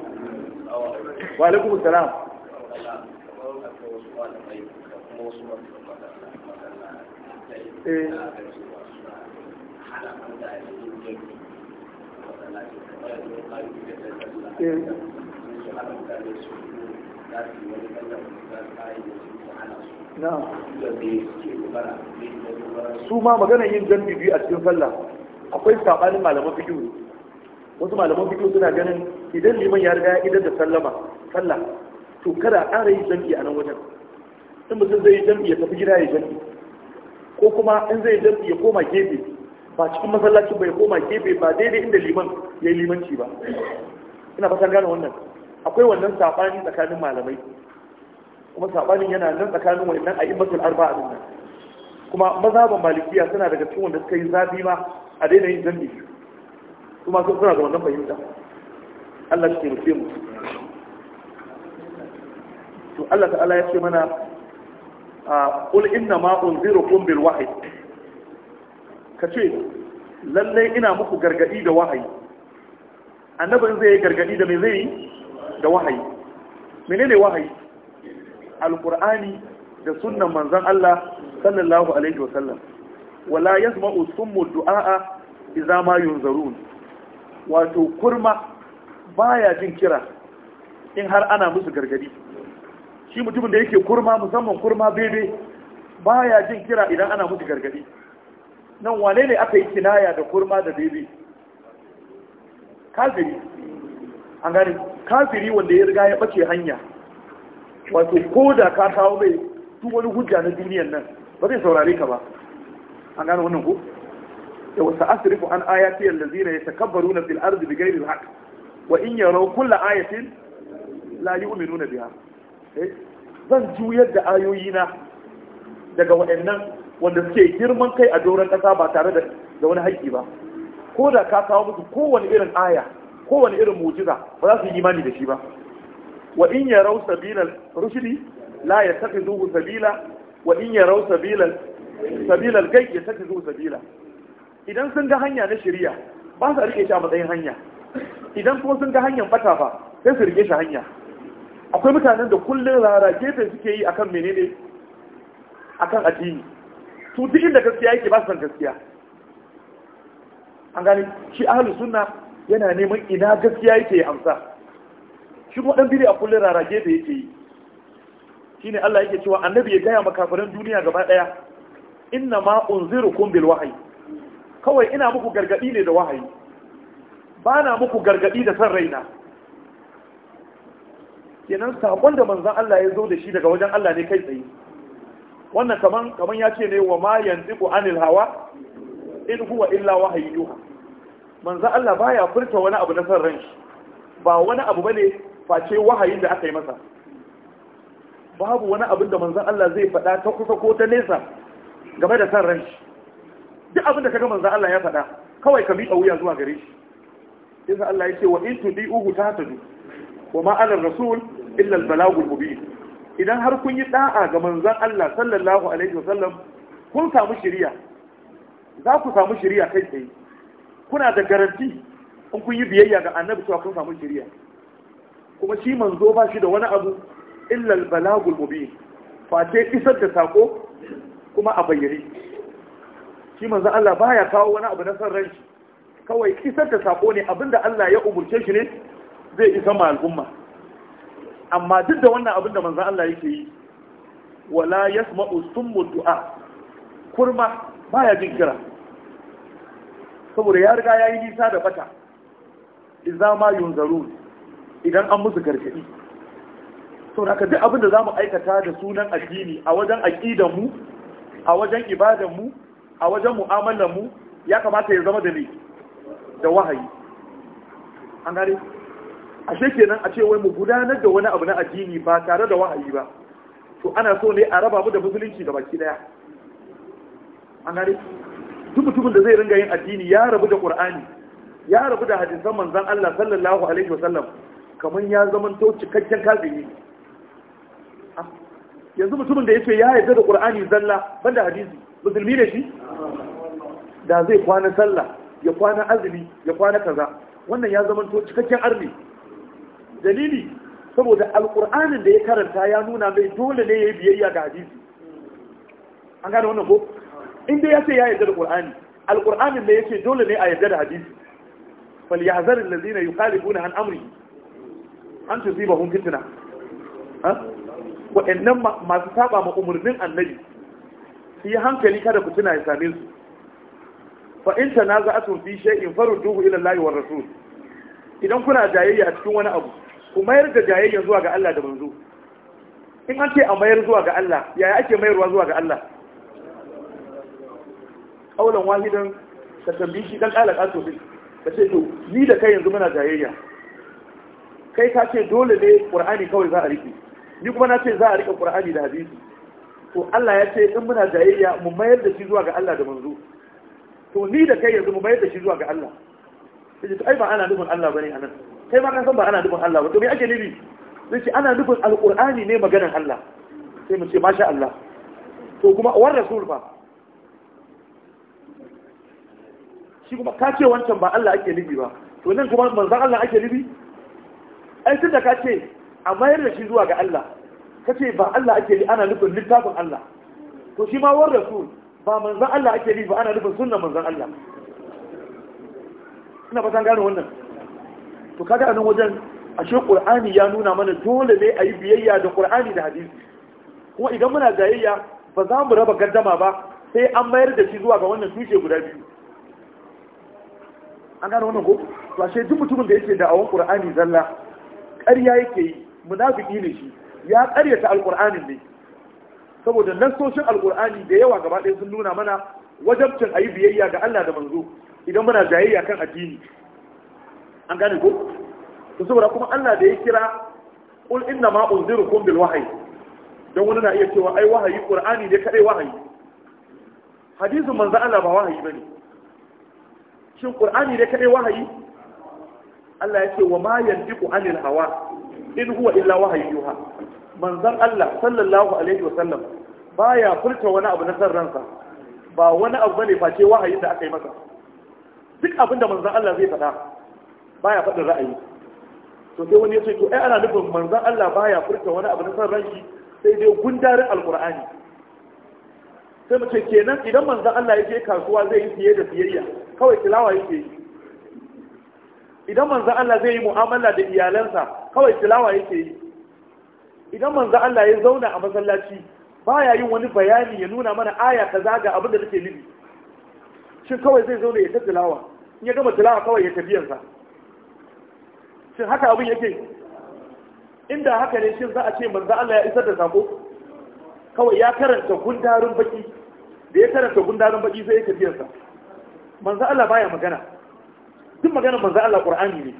wa alaikum salam eh, eh. su ma magana yin zambi biyu a cikin sallah akwai sabanin malaman fikihu wasu malaman fikihu suna ganin idan liman ya riga idan da sallama sallah to kada a ƙara yin a nan wajen in mutum zai yi zambi ya tafi gida ya zambi ko kuma in zai zambi ya koma gefe ba cikin masallacin bai koma gefe ba daidai inda liman ya yi limanci ba ina fatan gane wannan akwai wannan sabani tsakanin malamai kuma sabanin yana nan tsakanin wannan a'immatul arba'a din nan kuma mazhaban malikiya suna daga cikin wanda suka yi zabi ma a daina yin zambi kuma sun suna da wannan fahimta Allah shi taimake mu to Allah ta'ala ya ce mana a qul inna ma unzirukum bil wahyi kace lalle ina muku gargadi da wahayi annabin zai yi gargadi da me zai yi da wahayi menene wahayi alkur'ani da sunnan manzon Allah sallallahu alaihi wasallam wala yasma'u summu du'a'a idza ma yunzarun wato kurma baya jin kira in har ana musu gargadi shi mutumin da yake kurma musamman kurma bebe baya jin kira idan ana musu gargadi nan wane ne aka yi kinaya da kurma da bebe kafiri an gani. kafiri wanda ya riga ya bace hanya wato ko da ka kawo mai duk wani hujja na duniyan nan ba zai saurare ka ba an gano wannan ko da wasu asirifu an ayati takabbaru na fil ardi bighairi haƙ. wa in yaro kull ayatin la na biya eh, zan juyar da ayoyi na daga waɗannan wanda suke girman kai a doron ƙasa ba tare da wani haƙƙi ba ko da ka kawo musu kowane irin aya kowane irin mujiza ba za su yi imani da shi ba wa in yarau sabilal rushdi la zuhu sabila wa in yarau gai ya saki zuhu sabila idan sun ga hanya na shari'a ba su rike shi a matsayin hanya idan kuma sun ga hanyar bata ba sai su rike shi hanya akwai mutanen da kullum rara gefe suke yi akan menene akan addini su duk inda gaskiya yake ba su san gaskiya an gani shi ahlus sunna yana neman ina gaskiya yake amsa shi kuma dan a kullun rarage da yake yi Shi ne Allah yake cewa annabi ya gaya makafiran duniya gaba ɗaya? inna ma unzirukum bil wahyi kawai ina muku gargadi ne da wahayi bana muku gargaɗi da san raina kenan sakon da manzon Allah ya zo da shi daga wajen Allah ne kai tsaye wannan kaman kaman ya ce ne wa ma ku anil hawa in huwa illa wahayi yuha manzon Allah baya furta wani abu na san ranshi ba wani abu bane face wahayin da aka yi masa babu wani abin da manzan Allah zai faɗa ta kusa ko ta nesa game da san ran duk abin da kaga manzan Allah ya faɗa kawai ka miƙa wuya zuwa gare shi yasa Allah ya ce wa uhu ta tahtadu wa ma 'ala rasul illa al-balagul mubin idan har kun yi da'a ga manzan Allah sallallahu alaihi sallam kun samu shiriya za ku samu shiriya kai tsaye kuna da garanti in kun yi biyayya ga annabi cewa kun samu shiriya kuma shi manzo ba shi da wani abu illal balagul mubin face isar da sako kuma a bayyane shi manzo Allah baya kawo wani abu na san ran shi kawai isar da sako ne abinda Allah ya umurce shi ne zai isa ma al'umma amma duk da wannan abinda manzo Allah yake yi wala yasma'u summu du'a kurma baya jin kira saboda ya riga yayi nisa da bata idza ma yunzarun idan an musu gargaɗi sau na kaji abin da za mu aikata da sunan addini a wajen aƙidanmu a wajen ibadanmu a wajen mu'amalanmu ya kamata ya zama da ne da wahayi an gane ashe kenan a ce wai mu gudanar da wani abu na addini ba tare da wahayi ba to ana so ne a raba mu da musulunci da baki daya an gane duk mutumin da zai ringa yin addini ya rabu da qur'ani ya rabu da hadisan manzon Allah sallallahu alaihi wasallam kamar ya zama to cikakken kafiri ah, yanzu mutumin da yake ya yarda da qur'ani zalla banda hadisi musulmi ne shi da zai kwana sallah ya kwana azumi ya kwana kaza wannan ya zama to cikakken arni dalili saboda alqur'anin da ya karanta ya nuna mai dole ne yayi biyayya ga hadisi an gane wannan ko in dai ya ce ya yarda da qur'ani alqur'anin da ce dole ne a yarda da hadisi falyahzar allazina yukhalifuna an amri an tuzi ba hun fitina waɗannan masu saba ma umarnin annabi su yi hankali kada ku tuna ya same su fa in ta za a tun fi shay'in farudduhu ila Allah wa rasul idan kuna jayayya a cikin wani abu ku mayar da jayayya zuwa ga Allah da manzo in an ce a mayar zuwa ga Allah yaya ake mayarwa zuwa ga Allah kaulan wahidan ka tambi shi dan kala kaso din ka ce to ni da kai yanzu muna jayayya kai ka ce dole ne ƙur'ani kawai za a rike ni kuma na ce za a rike ƙur'ani da hadisi to Allah ya ce in muna jayayya mu mayar da shi zuwa ga Allah da manzo to ni da kai yanzu mu mayar da shi zuwa ga Allah sai ai ba ana nufin Allah bane anan kai ma kan san ba ana nufin Allah ba to me ake nufi sai ce ana nufin alqur'ani ne maganar Allah sai mu ce masha Allah to kuma war rasul fa shi kuma ka ce wancan ba Allah ake nufi ba to nan kuma manzon Allah ake nufi aikin da ka ce a mayar da shi zuwa ga Allah ka ce ba Allah ake yi ana nufin littafin Allah to shi ma war rasul ba manzan Allah ake yi ba ana nufin sunnan manzan Allah ina fatan gane wannan to kaga a nan wajen ashe qur'ani ya nuna mana dole ne a yi biyayya da qur'ani da hadisi kuma idan muna jayayya ba za mu raba gaddama ba sai an mayar da shi zuwa ga wannan tushe guda biyu an gane wannan ko to ashe duk mutumin da yake da awon qur'ani zalla ƙarya yake yi munafiki ne shi ya ƙaryata alƙur'anin ne saboda nasoshin alƙur'ani da yawa gaba ɗaya sun nuna mana wajabcin a yi biyayya ga Allah da manzo idan muna jayayya kan addini an gane ko to saboda kuma Allah da ya kira qul inna ma unzirukum bil wahyi dan wani na iya cewa ai wahayi qur'ani ne kadai wahayi hadisin manzo Allah ba wahayi bane shin qur'ani ne kadai wahayi Allah ya ce wa ma yantiqu anil hawa in huwa illa wahayi yuha manzon Allah sallallahu alaihi wa sallam baya furta wani abu na san ransa ba wani abu bane face wahayin da aka yi masa duk abin da manzon Allah zai faɗa baya faɗin ra'ayi to sai wani ya ce to ai ana nufin manzon Allah baya furta wani abu na san ranki sai dai gundarin alqur'ani sai mu ce kenan idan manzon Allah ya je kasuwa zai yi fiye da fiyayya kawai tilawa yake yi idan manzo Allah zai yi mu'amala da iyalansa kawai tilawa yake yi idan manzo Allah ya zauna a masallaci baya yin wani bayani ya nuna mana aya kaza ga abin da take nufi shin kawai zai zauna ya ta tilawa in ya gama tilawa kawai ya sa? shin haka abin yake inda haka ne shin za a ce manzo Allah ya isar da sako kawai ya karanta gundarin baki da ya karanta gundarin baki sai ya sa. manzo Allah baya magana duk magana manzo Allah Qur'ani ne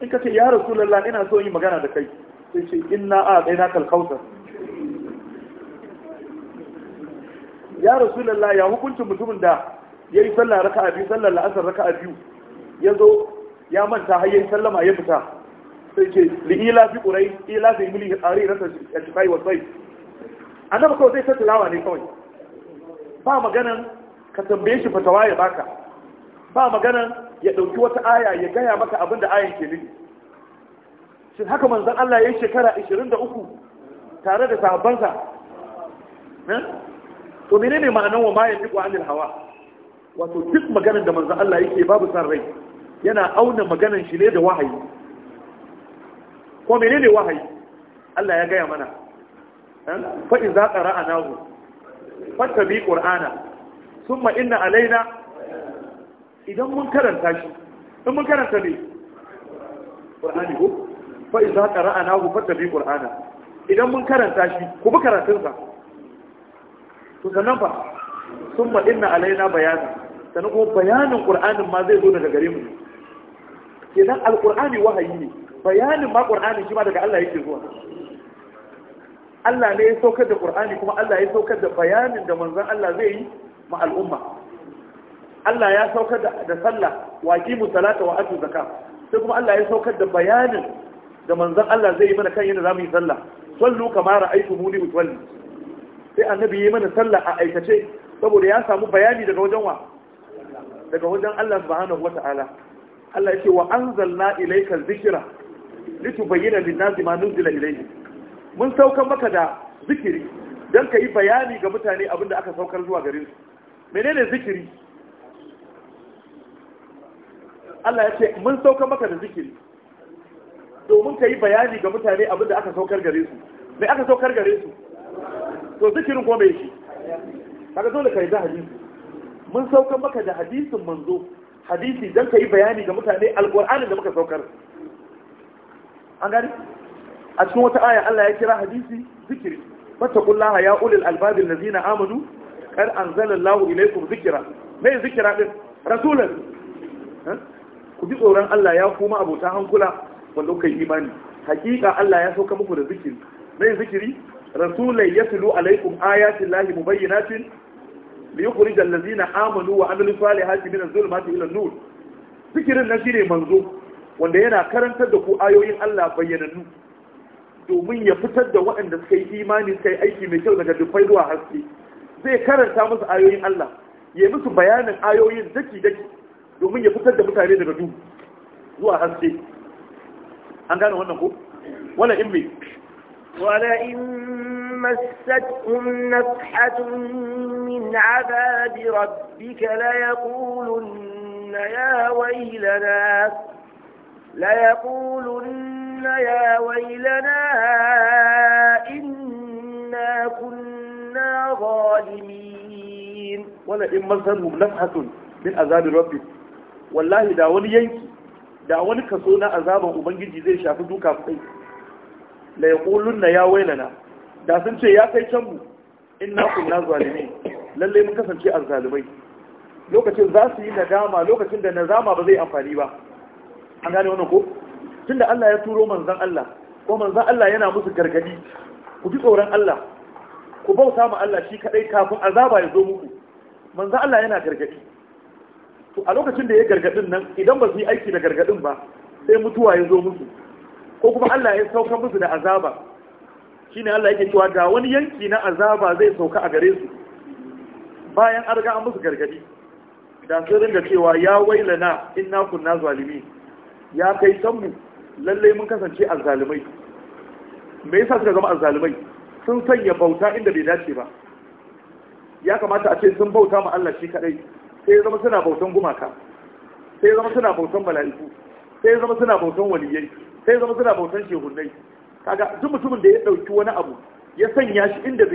in ka ce ya rasulullah ina so yi magana da kai sai ce inna a tsaina kalkautar ya rasulullah ya hukuncin mutumin da ya yi sallah raka a biyu sallar la'asar raka a biyu ya zo ya manta har ya yi sallama ya fita sai ce ila fi qurai ila fi mili ƙari rasa a wasai annabi kawai zai ta tilawa ne kawai ba maganan ka tambaye shi fatawa ya baka ba magana ya ɗauki wata aya ya gaya maka abin da ayan ke nufi shi haka manzan Allah ya yi shekara 23 tare da sahabbansa eh? to menene ma'anan wa mayan duk wa'anil hawa wato duk maganar da manzan Allah yake babu san rai yana auna maganar shi ne da wahayi ko menene wahayi Allah ya gaya mana eh? fa in za ƙara a nahu fattabi ƙur'ana summa inna alaina idan mun karanta shi in mun karanta ne qur'ani ko fa idza qara'ana hu fattabi qur'ana idan mun karanta shi ku bi karatunsa to sannan fa summa inna alaina bayani. sannan kuma bayanin ƙur'anin ma zai zo daga gare mu Idan alqur'ani wahayi ne bayanin ma ƙur'anin shi ma daga Allah yake zuwa Allah ne ya saukar da qur'ani kuma Allah ya saukar da bayanin da manzon Allah zai yi ma al'umma Allah ya saukar da sallah wa aqimu salata wa atu sai kuma Allah ya saukar da bayanin da manzon Allah zai yi mana kan yadda zamu yi sallah sallu kama ra'aytumuni usalli sai annabi ya yi mana sallah a aikace saboda ya samu bayani daga wajen wa daga wajen Allah subhanahu wata'ala Allah ya ce wa anzalna ilayka dhikra litubayyana lin-nasi ma nuzila ilayhi mun saukar maka da zikiri dan ka yi bayani ga mutane abinda aka saukar zuwa gare su menene zikiri Allah ya ce mun sauka maka da zikiri domin ka yi bayani ga mutane abin da aka saukar gare su me aka saukar gare su to zikirin kuma bai shi kaga dole ka yi da hadisi mun sauka maka da hadisin manzo hadisi don ka yi bayani ga mutane alƙur'anin da muka saukar an gani a cikin wata aya Allah ya kira hadisi zikiri fattakullaha ya ulil albabil lazina amanu kar anzalallahu ilaikum zikira me zikira din rasulan ku ji tsoron Allah ya kuma abota hankula wanda kuka yi imani hakika Allah ya sauka muku da zikiri mai zikiri rasulai tulu alaikum ayatin lahi mubayyinatin li yukhrij allazina amanu wa amilu salihati min zulmati ila nur zikirin na shine manzo wanda yana karantar da ku ayoyin Allah bayyanannu domin ya fitar da waɗanda suka yi imani suka yi aiki mai kyau daga dubbai zuwa haske zai karanta musu ayoyin Allah ya musu bayanin ayoyin daki daki domin ya fitar da mutane daga duhu zuwa haske an gane wannan ko wala in me wala in massatuhum nafhatun min azabi rabbika la yaqulunna ya waylana la yaqulunna ya waylana inna kunna zalimin wala in massatuhum nafhatun min azabi rabbika wallahi da wani yanki da wani kaso na azaban ubangiji zai shafi duka kai la na ya wailana da sun ce ya kai can mu inna kunna zalimin lalle mun kasance azzalimai lokacin za su yi nadama lokacin da nazama ba zai amfani ba an gane wannan ko tunda Allah ya turo manzon Allah ko manzon Allah yana musu gargadi ku ji tsoron Allah ku bauta ma Allah shi kadai kafin azaba ya zo muku manzon Allah yana gargadi to a lokacin da ya gargadin nan idan ba su yi aiki da gargadin ba sai mutuwa ya zo musu ko kuma Allah ya sauka musu da azaba shine Allah yake cewa da wani yanki na azaba zai sauka a gare su bayan an riga an musu gargadi da sun ringa cewa ya wailana inna kunna zalimi ya kai sanmu lallai mun kasance azzalimai me yasa suka zama azzalimai sun sanya bauta inda bai dace ba ya kamata a ce sun bauta ma Allah shi kadai sai ya zama suna bautan gumaka sai ya zama suna bautan mala'iku sai ya zama suna bautan waliyai sai ya zama suna bautan shehunai kaga duk mutumin da ya dauki wani abu ya sanya shi inda